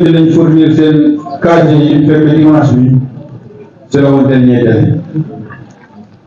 dinañ fournir seen casier yi fekk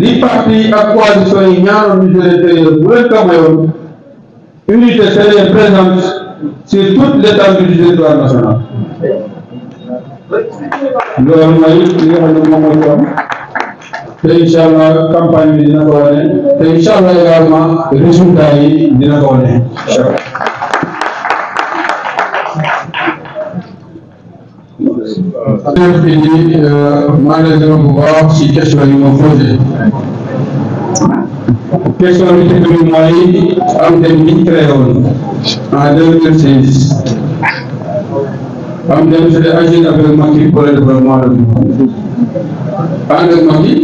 li parti ak coalition yi ñaanoon ministre de l'Intérieur bu leen ko mayoon unité serait présente sur toute l'étendue du territoire national loolu mooy li nga xam ne te incha allah campagne te incha allah également résultat yi chef indi maa ngi lay gërëm bu baax si question yi ma posé question bi njëkk bi mooy am dem bi ñu créé woon en deux am dem c'est agir avec Macky pour le développement de ànd ak Macky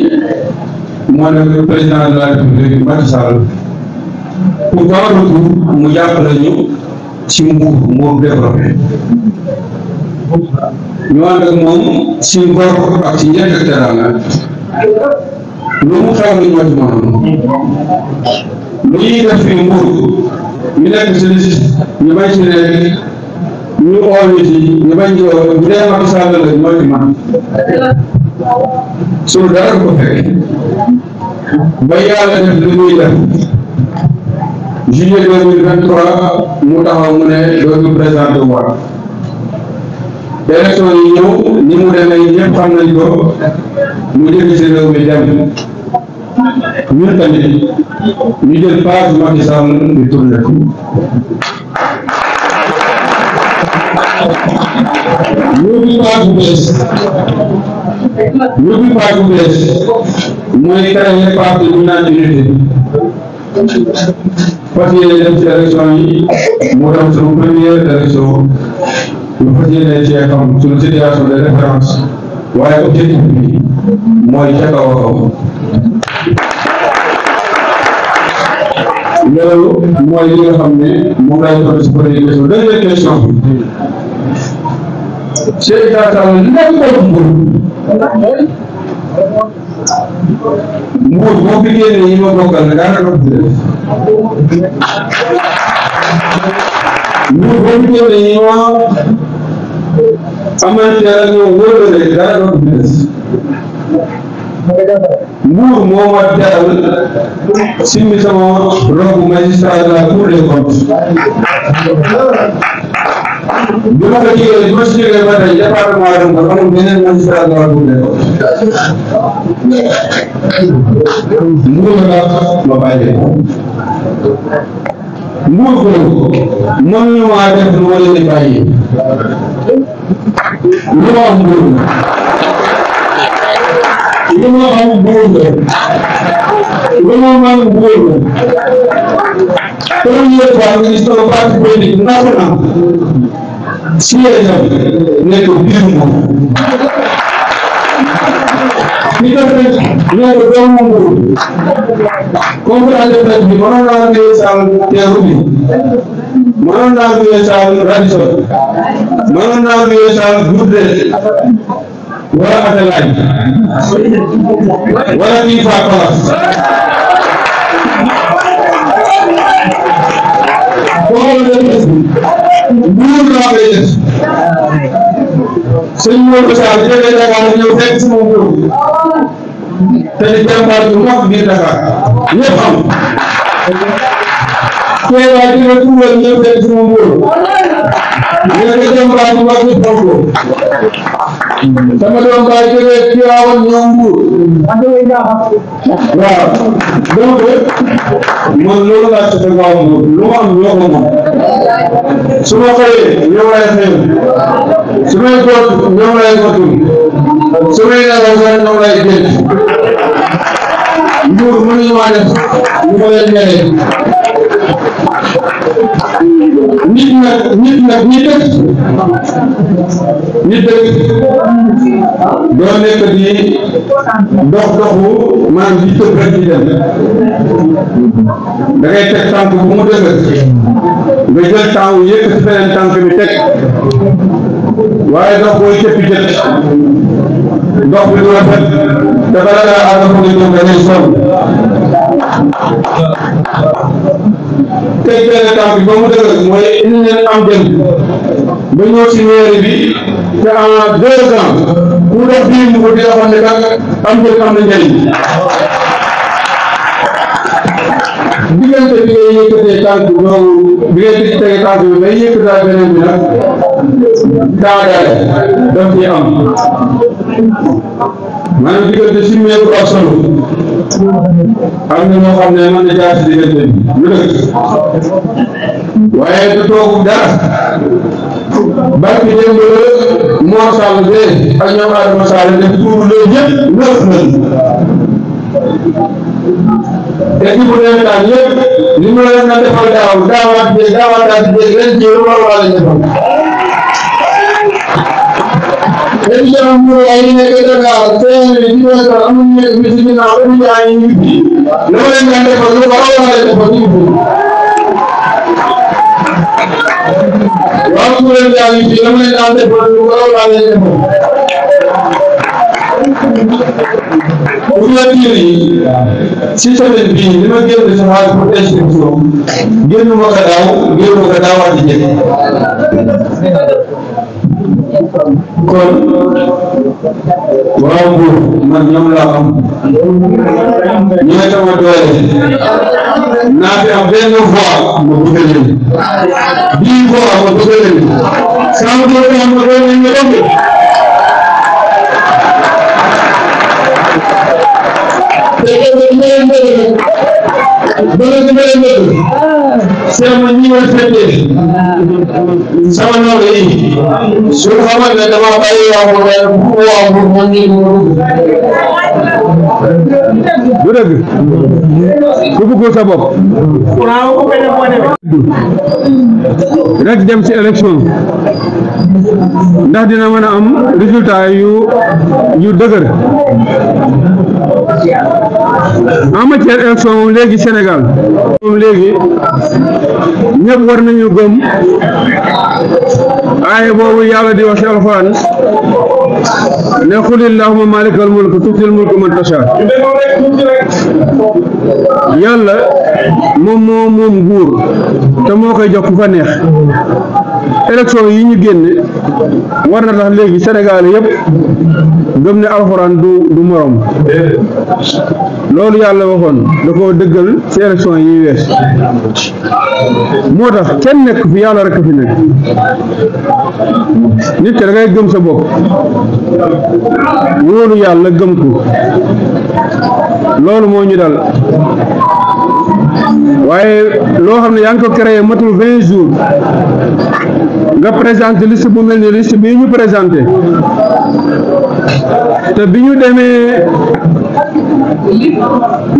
moo nekk président de la République Macky Sall pour voir mu jàppale ñu ci nguur mu développé ñu ànd moom si ngor ak ci njëkk ak teraanga lu mu xew ni ñoo ci moom lu ñuy def fi nguur ñu nekk si liste ñu bañ si nekk ñu oo nit ñu ci oo bu dee Macky Sall la ñoo ci dara ko fekk ba yàlla def li muy def juillet deux mille vingt trois mu taxaw mu ne dootul présenté waat élection yi ñëw ni mu demee ñëpp xam nañ ko mu jël ci réew mi dem ñun tamit ñu jël paas Macky Sall ñu tourné ko ñu bi paas bu bees ñu bi paas bu bees mooy créé parti bu naan unité fas yéene dem ci élection yi mu doon suñu première élection ñu fas yéene cee xam suñu situation de référence waaye objectif bi mooy ca kaw a kaw loolu mooy li nga xam ne moom laay toll si première question deuxième question bi Cheikh Issa Sall nekk ko nguur nguur boo fi génnee yi ma bokkal na daanaka ko def nguur boo fi génnee yi ma amante ak ñoom wóor na leen dara doon du des nguur moo ma teral simmi sama robu magistrat de la cour des comptes bi ma ko jigéen bi ma si jógee ba tey département Rungor amul beneen magistrat de la cour des comptes nguur la ma bàyyi nguur ko mënuñu maa def lu ma leen di bàyyi li ma wax góor li ma wax góor li ma wax góor première fois ñu gis sama parti politique national si région nekk biir moom li nga xam ne ñoo ko doomu nguur conférence de presse bi mënoon naa ngee saal teeru bi mënoon naa ngee saal Radisson mën naa fi saal gudde wala atalaay wala kii faa palaas boo ko def nguur laa koy def sëñ Modou Sarr jógee Dakar ñëw fekk sama góor te di jàmbaar bu mag biir Dakar ñëpp am tey waa ji nga tuural ñëw fekk sama góor léegi dem baay bu mag fonko sama doom baay jógee Tiwaawan ñëw Mbuur waaw donc man loolu laa ci fekk waaw moom lu ma am ñoo ko moom su ma xëyee ñëw lay xëy su may góor ñëw lay gotum su may nelaw sax ñëw lay génn Mbuur mënuñu nit nag nit nag ñi dëkk ñi nekk di dox doxu maanaam di tëb rek di dem da ngay teg bu mu dëgër nga jël tànk yëkkati beneen tànk bi teg waaye dox booy cëppi jët dox bi du rafet te bala ngaa àgg fu ne ñoom tey benn tànk ba mu dëgër mooy indi leen am ba ñëw ci mairie bi te en deux ku def bii mu di la xam ne kat am jëm am na njëriñ diggante bi ngay yëkkatee tànk boobu bi ngay tege tànk bi ngay yëkkataat beneen bi nag taagaay daf ci am maanaam diggante ci mairie bu ak am na ñoo xam ne man na jaar si diggante bi lu dëgg waaye du toog dara barki démb la moo sàll bee ak ñoom Adama Sall def tuur la ñëpp neuf nañu te ci bu leen daan yëpp li mu leen na defal daaw daawaat jéeg daawaataat jéeg ren jéeg lu war a war a defal région Mbour yaa ngi nekk Dakar seen région amuñu nekk bi ci ginnaaw ba nit yaa ngi fi loolu lañ leen defal lu ko waroon a defal ñu fi waaw kuréel yaa ngi fi dama leen daan defal lu ko waroon a defal bu ñu la tiiri ci semaine bii li ma génn sama xaalis pour tey si émission génn ma ko daaw génn ma ko daawaati jëkk kon waaw bu man ñoom laa xam ñooy sama doole naa fi am benn fois ma bëgg leen dix fois ma bëgg leen cent fois ma bëgg leen nga dem Thank you. bële su bële bële seen ñi ma fekkee sama noonu yi su xamal ne dama bàyyi wax mu ne bu wax mu mu ngi mu du dëgg ku bëggul sa bopp rek dem ci élection ndax dina mën a am résultat yu yu dëgër en matière élection léegi Sénégal Sénégal moom léegi ñëpp war nañu gëm aaya boobu yàlla di wax ci alxuraan ne qul illahumma malikal mulk tuutil mulk man tasha yàlla moom moo moom nguur te moo koy jox ku neex élection yi ñu génne war na tax léegi Sénégal yëpp gëm ne alxuraan du du loolu yàlla waxoon da koo dëggal ci élection yi wees moo tax kenn nekk fi yàlla rekk fi nekk nit ki dangay gëm sa bopp wóolu yàlla gëm ko loolu moo ñu dal waaye loo xam ne yaa ngi ko créé matul vingt jours nga présenté liste bu mel ni liste bii ñu présenté te bi ñu demee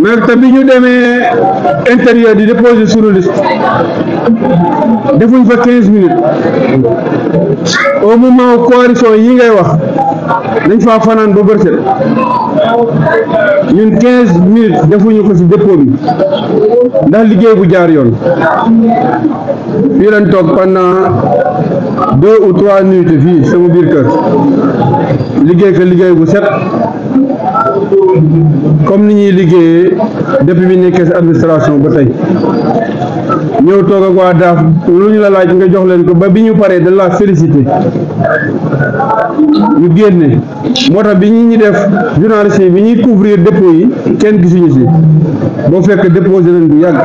mais te bi ñu demee intérieur di déposé sur liste defuñ fa quinze minutes au moment coalition yi ngay wax dañ faa fanaan ba bërset ñun quinze minutes defuñu ko ci dépôt bi ndax liggéey bu jaar yoon fii lañ toog pendant deux ou trois minutes fii sama biir kër liggéey ko liggéey bu set comme ni ñuy liggéeyee depuis bi nekkee ci administration ba tey ñëw toog ak waa daaf lu ñu la laaj nga jox leen ko ba bi ñu paree da la félicité ñu génne moo tax bi ñu def journaliste yi bi ñuy couvrir dépôt yi kenn gisuñu si boo fekk déposé nañ bu yàgg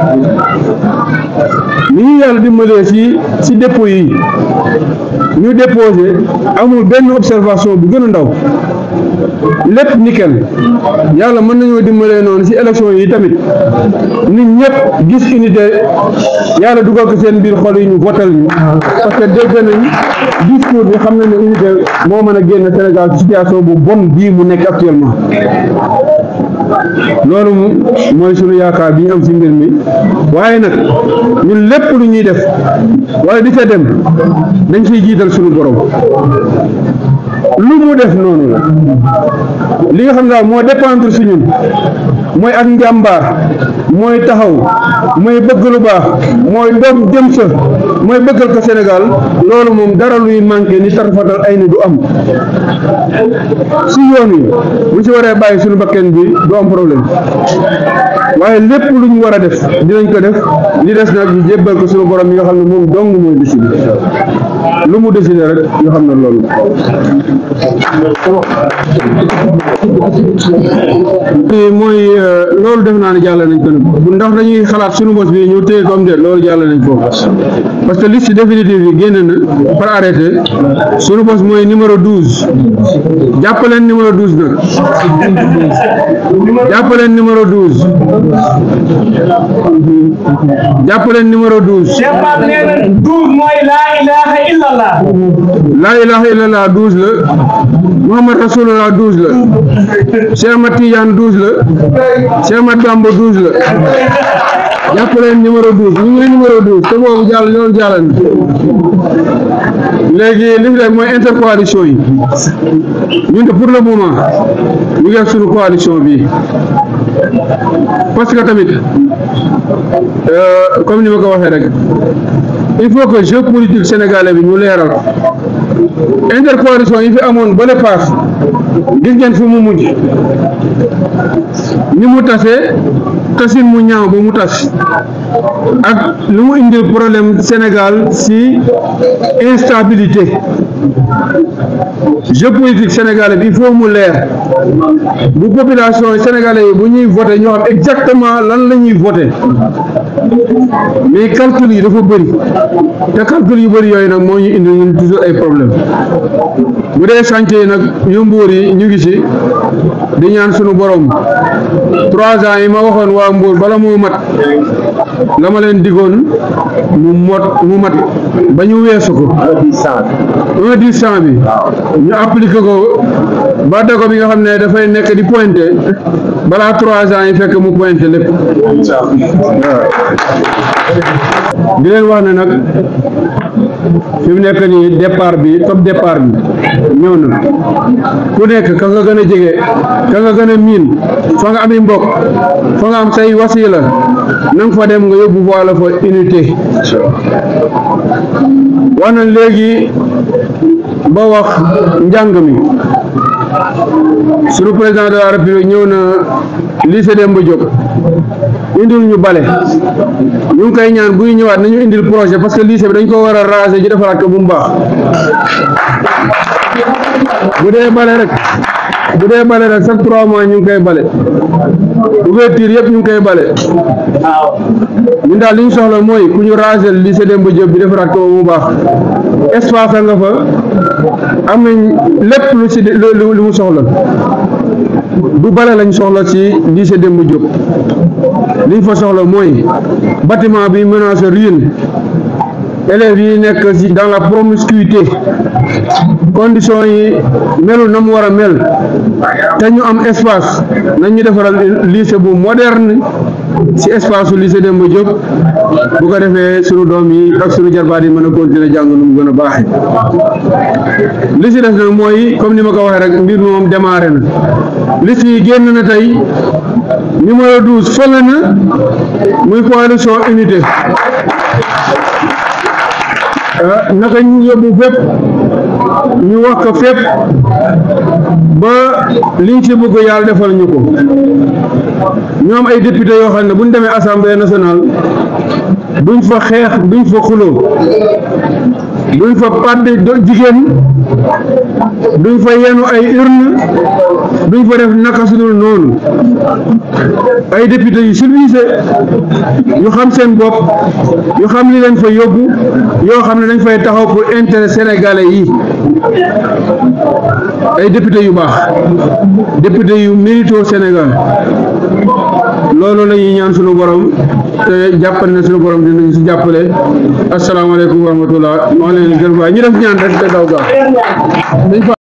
ni ñu yàlla dimbalee si si dépôt yi ñu déposé amul benn observation bu gën a ndaw lépp nickel yàlla mën nañoo dimbalee noonu si élection yi tamit nit ñëpp gis unité yàlla dugal ko seen biir xol yi ñu votal ñu parce que dégg nañ discours bi xam na ne unité moo mën a génn Sénégal situation bu bon bii mu nekk actuellement loolu mooy sunu yaakaar bi ñu am si mbir mi waaye nag ñun lépp lu ñuy def walla di fa dem dañ siy jiital sunu borom lu mu def noonu la li nga xam daal moo dépendre si mooy ak njàmbaar mooy taxaw mooy bëgg lu baax mooy doom jëm sa mooy bëggal ko Sénégal loolu moom dara luy manqué ni tarfatal ay ni du am si yoon yi buñ si waree bàyyi suñu bakken bi du am problème waaye lépp lu ñu war a def dinañ ko def li des nag ñu jébbal ko suñu borom yi nga xam ne moom dong mooy décidé lu mu décidé rek ñu xam ne loolu mooy Euh, loolu def naa ni jàll nañ ko nag bu ndax dañuy xalaat suñu bos bi ñu téye ko de loolu jàll nañ ko parce que liste définitive yi génn na par arrêté suñu bos mooy numéro 12 jàppaleen numéro 12 nag jàppaleen numéro 12 jàppaleen numéro 12. Cheikh mooy laa ilaha illallah. laa ilaha la. Muhammad Rasulullah douze la Cheikh Ahmad Tidiane douze la Cheikh Ahmad Bamba la jàpp leen numéro douze ñu ngi numéro douze te boobu jàll loolu jàll na léegi li fi rek mooy intercoalition yi ñun de pour le moment ñu ngi ak coalition bi parce que tamit euh, comme ni ma ko waxee rek il faut que jeu politique sénégalais bi ñu leeral intercoalition yi fi amoon ba le paas gis ngeen fi mu mujj ni mu tasee tasin mu ñaaw ba mu tas ak lu mu indil problème Sénégal si instabilité géopolitique sénégalais bi il faut mu leer bu population sénégalais yi bu ñuy voté ñoo xam exactement lan la ñuy voté mais calcul yi dafa bëri te calcul yu bëri yooyu nag moo ñu indi ñun toujours ay problème bu dee chantier nag ñu mbuur yi ñu ngi si di ñaan suñu borom trois ans yi ma waxoon waa mbuur bala moo mat la ma leen digoon mu mot mu mat ba ñu weesu ko un dix cent bi ñu appliqué ko ba dako bi nga xam ne dafay nekk di pointé balaa trois ans yi fekk mu pointé lépp di leen wax ne nag fi mu nekk nii départ bi top départ bi ñëw na ku nekk ka nga gën a jege ka nga gën a miin fa nga ami mbokk fa nga am say wasi la nga fa dem nga yóbbu voila fa unité wax na léegi ba wax njàng mi suñu président de la république ñëw na lycée Demba Diop indil ñu bale ñu ngi koy ñaan buy ñëwaat nañu indil projet parce que lycée bi dañ ko war a raser ji defaraat ko bu mu baax bu dee bale rek bu dee trois mois ñu ngi koy bale ouverture yëpp ñu ngi koy bale ñun daal li ñu soxla mooy ku ñu raser lycée Demba Diop bi defaraat ko bu mu baax espace nga fa am nañ lépp lu ci lu mu soxla du bale lañ soxla ci lycée Demba Diop liñ fa soxla mooy batiment bi menacé ruine élèves yi nekk ci dans la promiscuité conditions yi melul na mu war a mel te ñu am espace nañ ñu defaral lycée bu moderne si espace su lycée Demba Diop bu ko defee sunu doom yi ak sunu jarbaat yi mën a continuer jàng nu mu gën a baaxee li si des nag mooy comme ni ma ko waxee rek mbir moom démarré na liste yi génn na tey numéro 12 fële na muy coalition unité ah, naka ñu yóbbu fépp ñu wax ko fépp ba liñ ci bëgg yàlla defal ñu ko ñoom ay député yoo xam ne bu ñu demee assemblée nationale duñ fa xeex duñ fa xuloo duñ fa pàdde do jigéen duñ fa yenu ay urne duñ fa def naka sudul noonu ay député yu civilisé yu xam seen bopp yu xam li leen fa yóbbu yoo xam ne dañ fay taxaw ko intérêt sénégalais yi ay député yu baax député yu mérito Sénégal loolu la ñuy ñaan suñu borom te jàppal na suñu borom dinañ si jàppale asalaamaaleykum wa rahmatullah maa leen gërëm waaye ñu def ñaan rek te daw gaaw